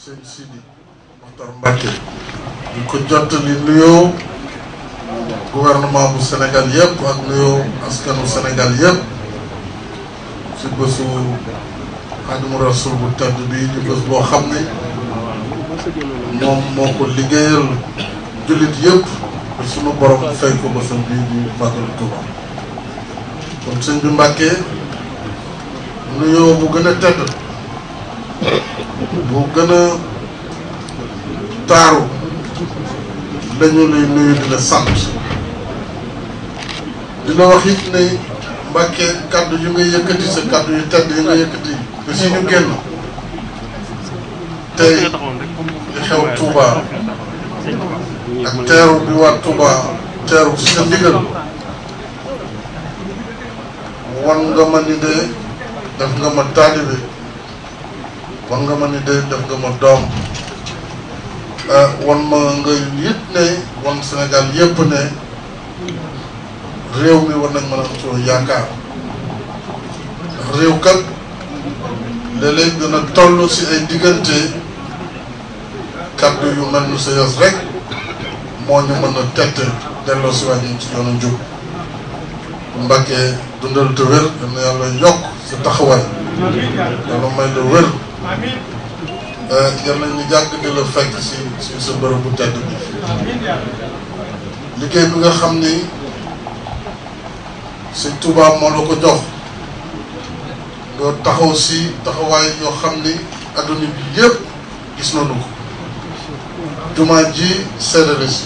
sëñ Sidi Mokhtar Mbacké di ko jottali nuyoo gouvernement bu Sénégal yëpp ak nuyoo askanu senegal yëpp ci bésu Xaadimu Rasuul bu tedd bii di bés boo xam ne moom moo ko liggéeyal jullit yëpp te sunu borom fay ko bésam bii di màggal Tuuba kon sëñ bi Mbacké nuyoo bu gën tedd bu gën a taaru dañu lay nuyu di sant dina wax it ne Mbàkke kàddu yu nga yëkkati sa kàddu yu tedd yu nga yëkkati te si génn tey li xew Touba ak teeru bi waa Touba teeru si sa ndigal wan nga ma ni de def nga ma taalibe Eh, wan nga ma ni de def nga ma doom wan ma nga yit ne wan Senegal yépp ne réew mi war nañ mën a am soo kat léeg si ay diggante kàddu yu mel nu sëyas rek moo ñu mën a tett delloo si wàññi ci yoonu njub mbàkkee dundal te wér dana yàlla yokk may la yal nañu jàkk di la fekk si si sa bërëb bu tedd bi liggéey bi nga xam ni sëñ Tuubaa moo la ko jox nga taxaw si taxawaay yoo xam ni adduna bi yëpp gis nañu ko ji seddale nah, ya si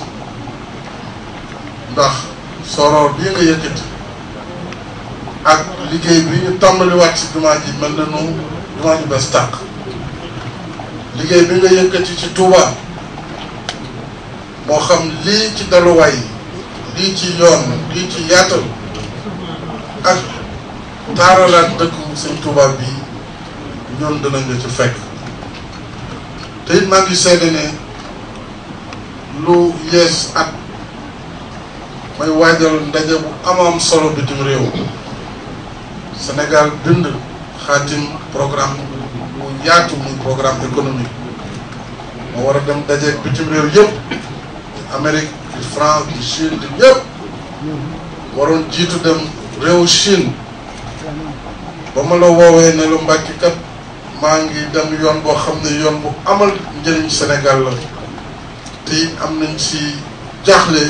ndax soror bii nga yëkkati ak liggéey bi ñu tàmbaliwaat si jumaa ji mel na noonu jumaa ju bees tàq liggéey bi nga yëkkati ci Touba moo xam lii ci daluwaay lii ci yoon lii ci yaatal ak taaralaat dëkku sëñ Touba bi ñoom danañ la ci fekk te it maa ngi ne lu yees at may waajal ndaje bu amaam solo bitim réew Sénégal bind xaatim programme bu yaatu muy programme économique moo war a dem dajeeg bitim réew yëpp Amérique di France di Chine di ñëpp jiitu dem réewu Chine ba ma la woowee ne lu Mbàkke kat maa ngi dem yoon boo xam ne yoon bu amal njëriñ Sénégal la te am nañ si jaaxle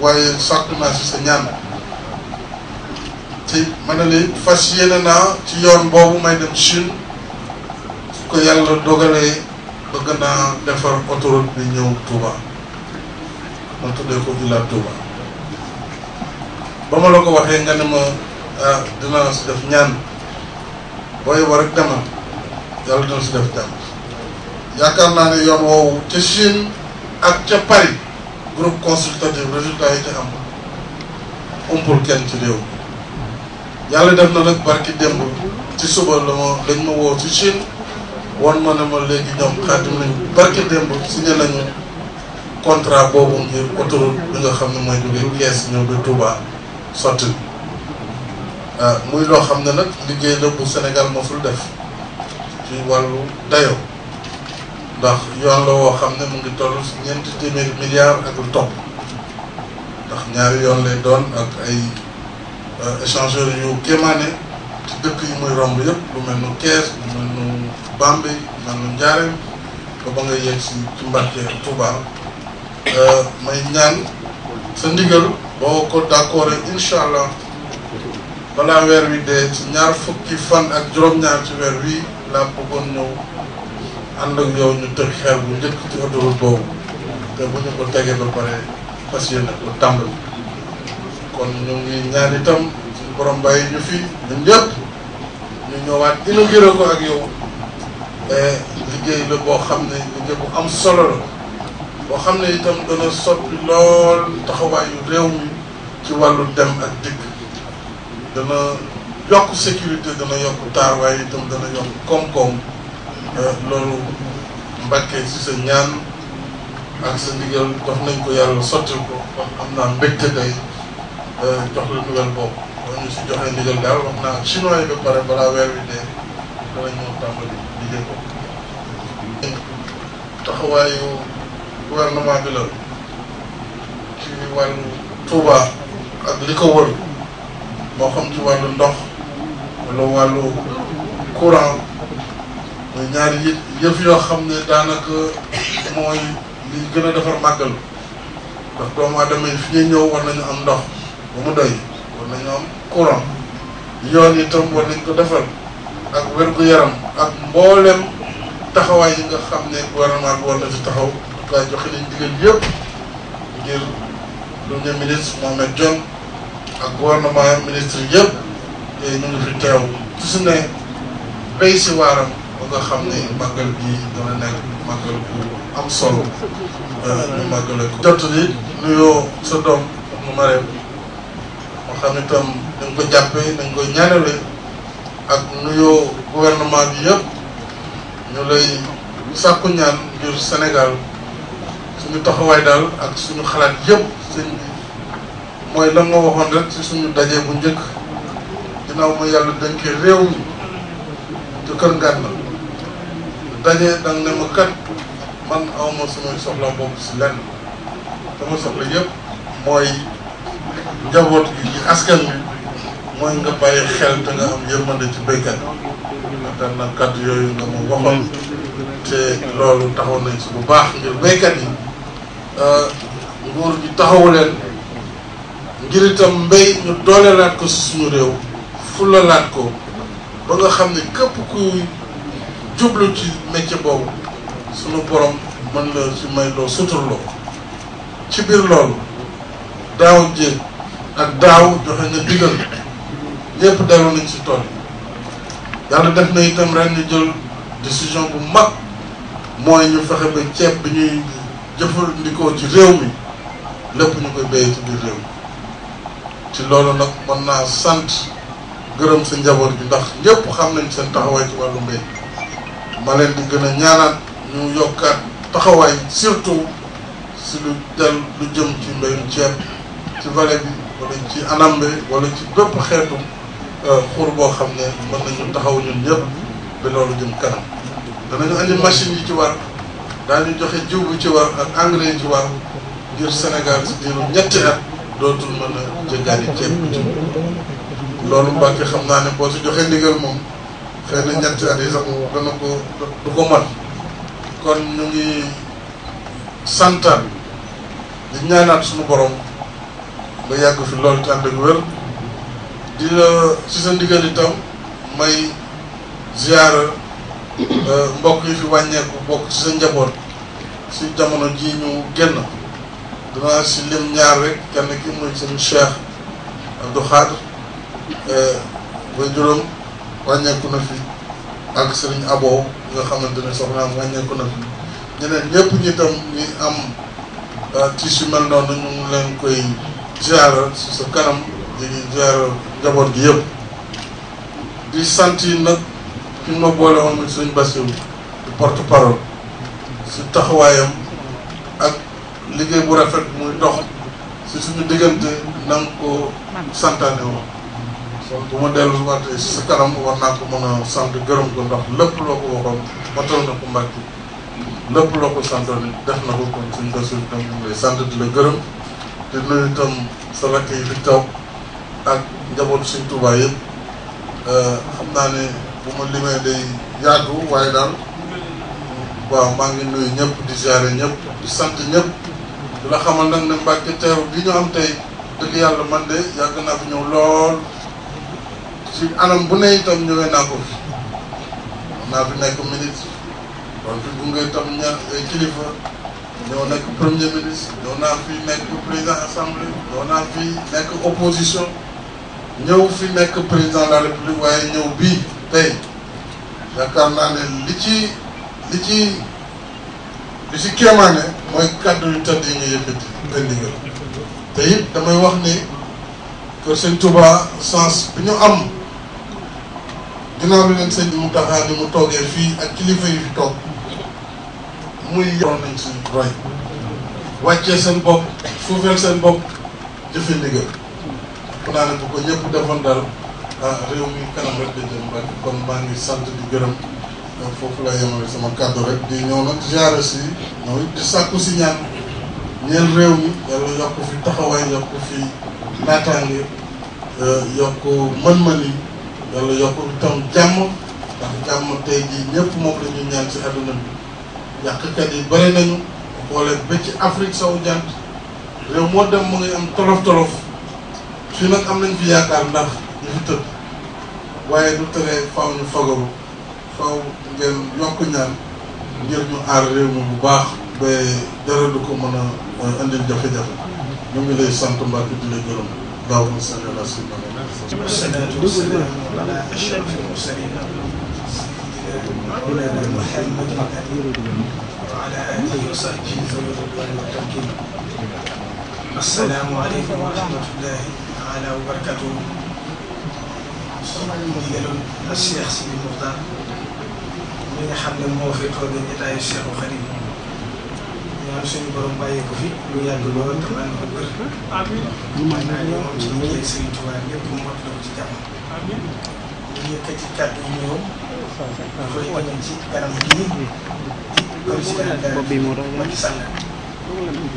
waaye sàkku naa si sa ñaan te ma ne na fas yéene ci yoon bobu may dem Chine ko yalla dogale bëgg naa defar autoroute bi ñew Touba ma tudde ko Villa Touba bama ma la ko waxee nga ne ma ah, dina dinaa si def ñaan boy war ak dama yalla dina si def jàmm yaakaar naa ne yoon woowu ca Chine ak ca Paris groupe consultatif résultat yi ca am umpul kenn ci réew yàlla dem na nag barki démb ci suba la ma dañ ma woo ci Chine wan ma ne ma léegi ñoom xaatim nañu barki démb signé nañu contrat boobu ngir autoroute bi nga xam ne mooy jógee Kees ñëw ba Touba sotti ah, muy loo xam ne nag liggéey la bu Sénégal mosul def ci wàllu dayoo ndax yoon la woo xam ne mu ngi toll si ñeenti téeméeri milliards ak lu topp ndax ñaari yoon lay doon ak ay. Euh, échangeur yu kéemaane ci dëkk yi muy romb yëpp lu mel nu Kees lu mel nu Bambey lu mel nu Njaareem ba ba nga yegg ci Mbàkke Touba euh, may ñaan sa ndigal boo ko d'accordé incha allah balaa weer wi dee ci ñaar fukki fan ak juróom-ñaar ci weer wi laa bëggoon ñëw ànd ak yow ñu teg xeer bu njëkk ci autoroute boobu te bu ñu ko tegee ba pare fas yéene ko tàmbali kon ñu ngi ñaan itam suñu borom bàyyi ñu fi ñun ñëpp ñu ñëwaat inauguré ko ak yow liggéey la boo xam ne liggéey am solo boo xam ne itam dana soppi lool taxawaayu réew mi ci wàllu dem ak dikk dana yokk sécurité dana yokk taar waaye itam dana yokk koom-koom loolu mbàkkee ci sa ñaan ak sa ndigal daf nañ ko yàlla sotti ko kon am naa mbégte day jox la ndigal boobu wala ñu si joxe ndigal daal naa chinois ba pare balaa weer wi dee dala tàmbali liggéey ko taxawaayu gouvernement ak li ko wër moo xam ci wàllu ndox wala wàllu courant mooy ñaari yë yëf yoo xam ne daanaka mooy li gën a defar màggal ndax doomu fi ñuy ñëw war nañu am ndox bu mu doy war nañu am courant yoon itam war nañ ko defal ak wér-gu-yaram ak mboolem taxawaay yi nga xam ne gouvernement bi war na ci taxaw en tout cas joxe nañ digal yëpp ngir premier ministre Mohamed Dionne ak gouvernement ministre yëpp te ñu ngi fi teew ci su ne béy waaram ba xam ne màggal bi dana nekk màggal am solo ñu màggale ko jot li nuyoo sa doom nu ma xam itam da nga ko jàppee da nga ko ñaanale ak nuyoo gouvernement bi yëpp ñu lay sàkku ñaan ngir Sénégal suñu taxawaay daal ak suñu xalaat yëpp sëñ bi mooy la nga waxoon rek si suñu daje bu njëkk ginnaaw ma yàlla dénke réew mi ci kër ngànn daje da ne ma kat man awma samay soxla boobu si lenn sama soxla yëpp mooy njaboot gi askan bi mooy nga bàyyi xel te nga am yërmande ci béykat waxtaan na kàddu yooyu nga ma waxoon te loolu taxaw nañ si bu baax ngir béykat yi euh, nguur gi taxawu leen ngir itam mbéy ñu dooleelaat ko si suñu réew fulalaat ko ba nga xam ne képp kuy jublu ci métier boobu suñu borom mën la si may loo suturloo ci biir loolu daaw jéeg ak daaw joxe nga digal ñëpp dellu nañ si tool yi yàlla def na itam ren ñu jël décision bu mag mooy ñu fexe ba ceeb bi ñuy jëfandikoo ci réew mi lépp ñu koy béyee ci biir réew mi loolu nag mën naa sant gërëm sa njaboot bi ndax ñëpp xam nañ seen taxawaay ci wàllu mbéy ma leen di gën a ñaanaat ñu yokkaat taxawaay surtout si lu del lu jëm ci mbéyum ceeb ci vallée bi wala ci anambe wala ci bépp xeetu euh, xur boo xam ne mën nañu taxaw ñun ñëpp ba loolu jëm kanam danañu andi machine yi ci war daañu joxe jiw bu ci war ak engrais yi ci war ngir Sénégal si diiru ñetti at a jéggaani ceeb bi xam naa ne boo si joxe ndigal moom xëy na ñetti dana ko du ko mat kon ñu ngi santaan di ñaanaat suñu borom. nga yàgg fi loolu te ànd ak wér di la sa ndigal itam may ziara euh, mbokk yi fi wàññeeku bokk ci sa njaboot si jamono ji ñu génn danaa si lim ñaar rek kenn ki muy seen Cheikh Abdou Khadre ba euh, juróom wàññeeku na fi ak sëriñ Abo nga xamante ne soxnaam wàññeeku na fi ñeneen ñëpp ñi tam am euh, tiis yu mel noonu leen koy ziara sa kanam di ziara njaboot gi yëpp di sant yi nag ki ma boole woon muy sëñ di porte parole si taxawaayam ak liggéey bu rafet muy dox si suñu diggante na nga ko santaane woon kon bu ma dellu wante si sa kanam war naa ko mën a sant gërëm ko ndax lépp loo ko waxoon matal na ko mbàcc lépp loo ko santoon def na ko kon suñu Bassirou tam ñu ngi lay sant di la gërëm te nuyu itam sa rakk yi fi toog ak njabootu Sëñ Tuubaa yëpp xam naa ne bu ma limee day yàggu waaye daal waaw maa ngi nuyu ñëpp di ziare ñëpp di sant ñëpp di la xamal nag ne Mbàkke teeru bi ñu am tey dëgg yàlla man de yàgg naa fi ñëw lool anam bu ne itam ñëwee naa ko fi naa fi nekk minute doon fi gunge itam ñaar ay eh, kilifa doo nekk premier ministre doo naa fi nekk président assemblée doo naa fi nekk opposition ñëw fi nekk président de la république waaye ñëw bii tey yaakaar naa ne li ci li ci li ci kéemaane mooy kàddu yu tëdd yi nga yëkkati indi nga te wax ni kër sëñ Touba sens bi ñu am ginnaaw bi leen sëñ mu taxaa ni mu toogee fii ak kilifa yi toog muy yow nañ suñ roy wàccee seen bopp suufeel seen bopp jëfe ndigal naa ne bu ko ñëpp defoon daal ah, réew mi kanam rek da jëm rek kon maa ngi sant di gërëm ah, foofu laa yemale sama kàddu rek di ñëw nag ziare si ñëw di sàkku si ñaan ñeel réew mi yàlla yokk fi taxawaay yokk fi naataange ah, yokk mën-mën yàlla yokk tam jàmm ndax jàmm tey jii ñëpp moom la ñaan si àdduna bi yàqkat yi bëri nañu xoolee ba ci Afrique sowu jant réew moo dem mu ngi am tolof tolof fii nag am nañ fi yaakaar ndax ñu fi tëdd waaye du teree faw ñu fagaru faw ngeen yokk ñaan ngir ñu aar réew mi bu baax ba dara du ko mën a indil jafe-jafe ñu ngi lay sant Mbacke di la gërëm daaw ma sëñ la si بنا محمد الأمير وعلى آله وصحبه ذوي الرضوان المتقين السلام عليكم ورحمة الله تعالى وبركاته ديال الشيخ سيدي المختار mi nga xam ne moo fi toogee jotaayu Cheikh Xadim ñaan suñu borom bàyyi ko fi lu yàgg lool te man ko wér. mën naa ne moom ci liggéey Sëriñ Tuubaa yëpp mu mot la ko ci jàmm. ñu yëkkati kàddu yi ñëw.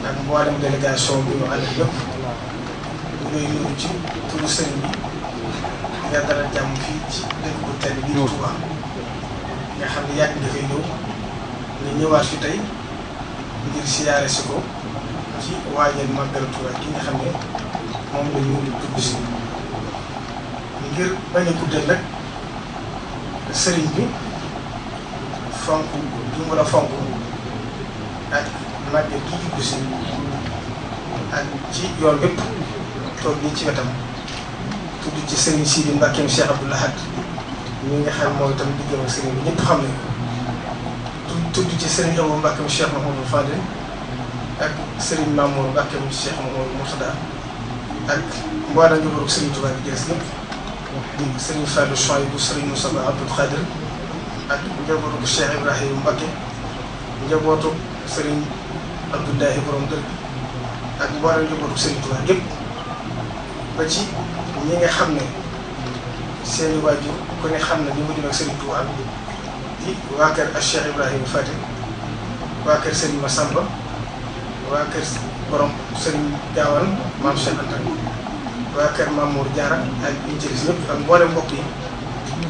ak mboolem délégation bi ñu àndal yëpp ñu ngi yóbbu ci turu sëñ bi nga dalal jàmm fii ci dëkk bu tedd bi Touba nga xam ne yàgg dafay ñëw ñu ñëwaat fi tey ngir siyaare si ko ci waajal màggal Touba gi nga xam ne moom la ñu tudd si ngir bañ a guddal nag. sëriñ bi fonk bi mu la fonk ak màggal gi jublu si ak ci yoon bépp toog bi ci wetam tudd ci sëriñ Sidi Mbackeem Cheikh Abdoul Ahad ñi nga xam mooy itam diggam ak sëriñ bi ñëpp xam nañu tudd ci sëriñ Abou Mbackeem Cheikh Mahamadou Fadil ak sëriñ Mamour Mbackeem Cheikh Mahamadou Mourtada ak mboolem ñu bëgg sëriñ Touba bi jëlee di sëriñ Fallou Choy bu sëriñ Moussa Ba Abdou Khadir ak njabootu Cheikh Ibrahima Mbacké njabootu sëriñ Abdoulahi borom dër ak mboolem njabootu sëriñ Touba gépp ba ci ñi nga xam ne seeni waajur ku ne xam ne ñu mujj nag sëriñ Touba di waa kër ak Cheikh Ibrahima Fatick waa kër sëriñ Massamba waa kër borom sëriñ Gaawal maam Cheikh Anta waa kër Mamour Diarra ak ñi ci des ñëpp ak mboolem mbokk yi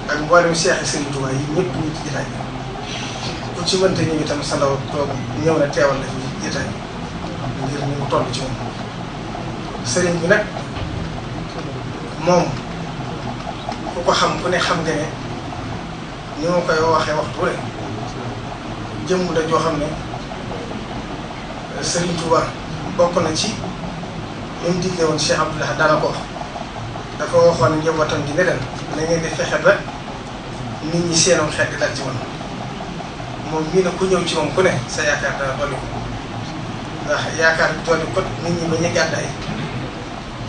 ak mboolem seexi Serigne Touba yi ñëpp ñu ci jotaay ku ci wante ñu itam sa ndaw toog ñëw na teewal la fi jotaay ngir ñu ngi toll ci moom Serigne bi nag moom ku ko xam ku ne xam nga ne ni ma koy waxee waxtu rek jëmm la joo xam ne Serigne Touba bokk na ci. li mu digle woon Cheikh Abdoulaye daana ko wax dafa waxoon njabootam gi ne leen di fexe nit ñi seenoon xel di dal ci man moom mii nag ku ñëw ci moom ku ne sa yaakaar dana dolli ko ndax yaakaar dolli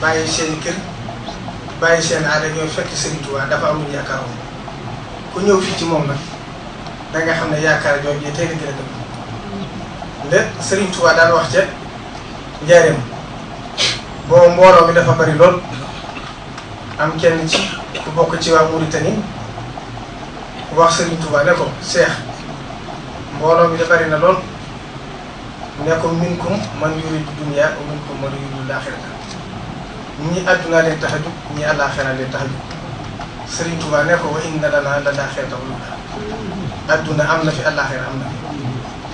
bàyyi seen kër bàyyi seen aada ñoo fekk Sëriñ Tuubaa dafa amul yaakaar moom ku ñëw fii ci moom nag da nga xam ne yaakaar jooju tey la gën a dëgg. Sëriñ Tuubaa daan wax ca njaareem. boobu mbooloo mi dafa bari lool am kenn ci bokk ci waa Mauritanie wax Serigne tubaa ne ko seex mbooloo bi da bari na lool ne ko minkum man yuridu dunya wa minkum man yuridu laaxirata ñii àdduna leen tax a jóg ñii àllaaxira leen tax a jóg Serigne Touba ne wa inna lanaa la laaxirata wal uulaa am na fi àllaaxira am na fi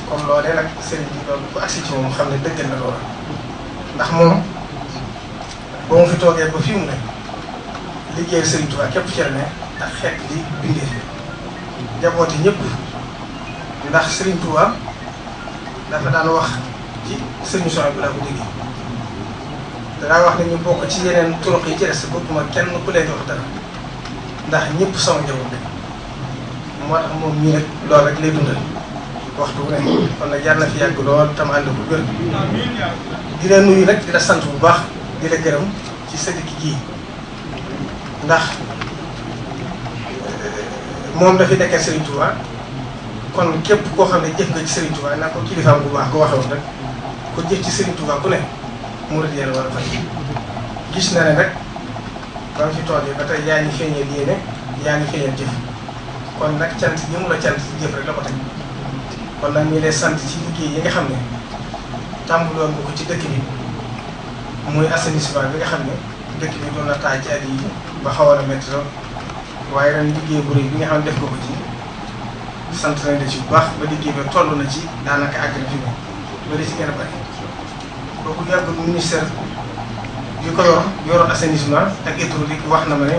kon loolee nag Serigne bi xam ne dëggal na loola ndax moom. boo mu fi toogee ba fii mu ne liggéey Sëriñ Tuubaa képp ci la ne ndax xeet li bindee fi njabooti ñëpp ndax Sëriñ Tuubaa dafa daan wax ci sëriñ Sohaybu laa ko déggee danaa wax nañu ñu bokk ci yeneen turuq yi ci des bëgguma kenn ku leen wax dara ndax ñëpp sama njaboot lañ moo tax moom ñii rek loolu rek lay dundal waxtu wu ne kon nag yàlla na fi yàgg lool tam ànd ko gër di leen nuyu nag di la sant bu baax. di la gërëm ci sa dikk gii ndax euh, moom dafi nekkal Serigne Touba kon képp koo xam ne jëf nga ci Serigne Touba naa ko kilifaam bu baax ko waxee woon rek ko jëf ci Serigne Touba ku ne murid yàlla war a fay gis na ne nag ba nga fi toogee ba tey yaa ngi feeñal yéene yaa ngi feeñal jëf kon nag cant ñi mu la cant ci jëf rek la ko teg kon nag ñu lay sant ci liggéey yi nga xam ne tàmbuloon nga ko ci dëkk bi. muy assainissement bi nga xam ne dëkk bi doon na taa yi ba xaw a métti waaye ren liggéey bu rëy bi nga xam ne def ko ko ji sant nañ la ci bu baax ba liggéey ba toll na ci daanaka àgg na fi mu ba li ci bari kooku yàggul ministère bi ko wax na ma ne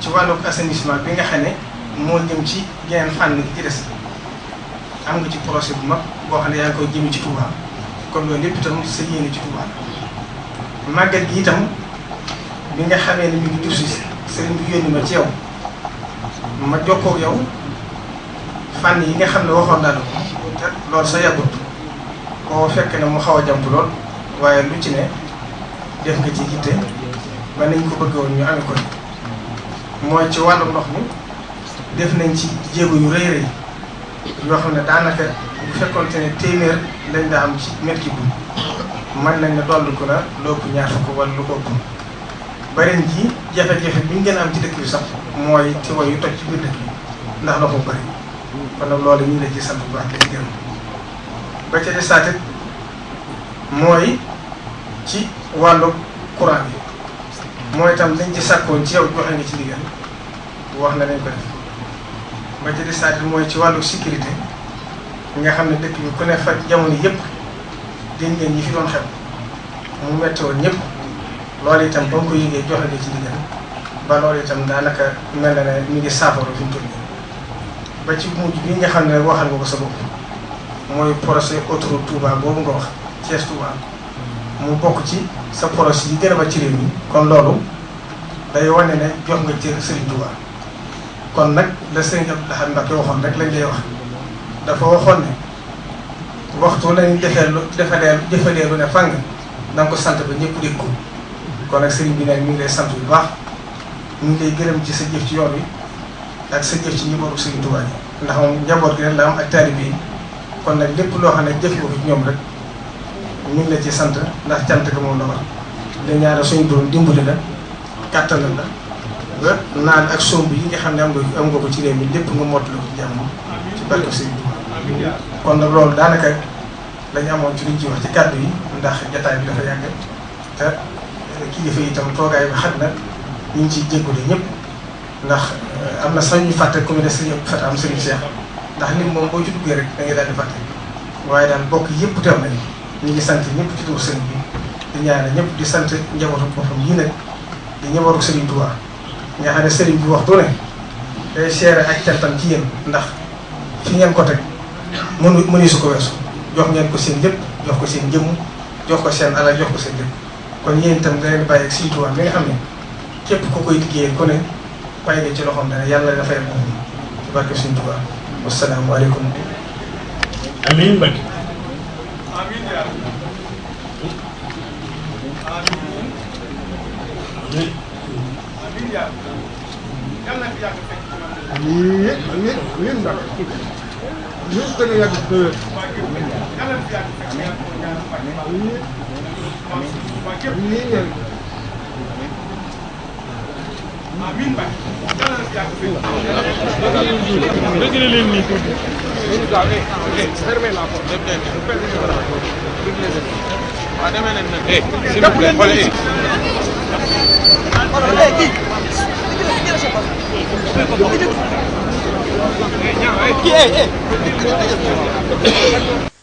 ci wàllug assainissement bi nga xam ne moo jëm ci geneen fànn gi ci des am nga ci projet bu mag boo xam ne yaa ngi koy jëmi ci Touba. kon loolu lépp itam sa yéene ci Tuubaa màggal gi itam bi nga xamee ne mi ngi jub si sëriñ bi yónni ma ci yow ma jokkoo yow fànn yi nga xam ne waxoon naa la ko te loolu sa yàggut boo fekk na mu xaw a jàmp lool waaye lu ci ne def nga ci yitte ba nañ ko bëgg woon ñu amee ko mooy ci wàllu ndox mi def nañ ci jéego yu rëy rëy yoo xam ne daanaka. bu fekkonte ne téeméer lañ daa am ci mètre cube bi mën nañ ne dolliku na loo ko ñaar fukk wala lu ko ëpp baren ji jafe-jafe bi ñu gën a am ci dëkk bi sax mooy tiwo yu toj ci biir dëkk ndax la ci sant bu baax di gërëm ba ca desaat it mooy ci wàllu bi mooy ci sàkkoon ci yow ko def ba ca desaat it mooy ci wàllu sécurité nga xam ne dëkk bi ko ne fa jamono yëpp dégg ngeen ñi fi doon xew mu metti woon loolu itam ba ko yëgee joxe nga ci ba daanaka mel na ne mi ngi saafara fi mu nga xam ne waxal nga ko sa bopp mooy projet autoroute Touba boobu nga wax Thiès Touba mu bokk ci sa projet yi gën a ci réew mi kon loolu day wane ne jox nga cër Serigne Touba kon nag la Serigne Abdou Lahad rek lañ lay wax. dafa waxoon ne waxtu lañu defee lu defalee jëfalee lu ne fàng na ko sant ba ñëpp dégg ko kon nag sëriñ bi nag mi ngi lay sant bu baax mu ngi lay gërëm ci sa jëf ci yoon wi ak sa jëf ci njabootu sëriñ Tuubaa yi ndax moom njaboot gi rek la am ak taalibe kon nag lépp loo xam ne jëf ko ci ñoom rek ñu ngi la ci sant ndax cant ko moom la war di ñaanal suñu borom dimbali la kattanal la ba naan ak somb yi nga xam ne am nga am nga ko ci réew mi lépp nga mottali ko jàmm ci barke sëriñ kon nag loolu daanaka lañ amoon ci liñ ci wax ci kàddu yi ndax jataay bi dafa yàgg te kilifa yi itam toogaay bi na ñu ngi ciy jéggule ndax euh, am na sax ñuy fàtte commune Serigne Abdou am Serigne Cheikh ndax nit moom boo rek da ngay waaye daal bokk yëpp teew nañ ñu ngi sant ñëpp ci turu sëriñ bi di ñaanal ñëpp di sant njabootu boppam yi nag di njabootu Serigne Touba nga xam ne Serigne bi waxtu ne ci yéen ndax fi ngeen ko mënu mënu su ko weesu jox ngeen ko seen yëpp jox ko seen jëmm jox ko seen alal jox ko seen yëpp kon yéen itam da leen bàyyi ak Sëriñ Tuubaa xam ne képp ku koy liggéeyee ku ne bàyyi nga ci loxoom dana yàlla dafay am ci barke Sëriñ Tuubaa wasalaamualeykum. amiin Mbacke. amiin Yüz tane yakıp dövün. Amin bak. Bekleyelim mi? Serme la Hey, simple, hey. Hey, Yeah, yeah.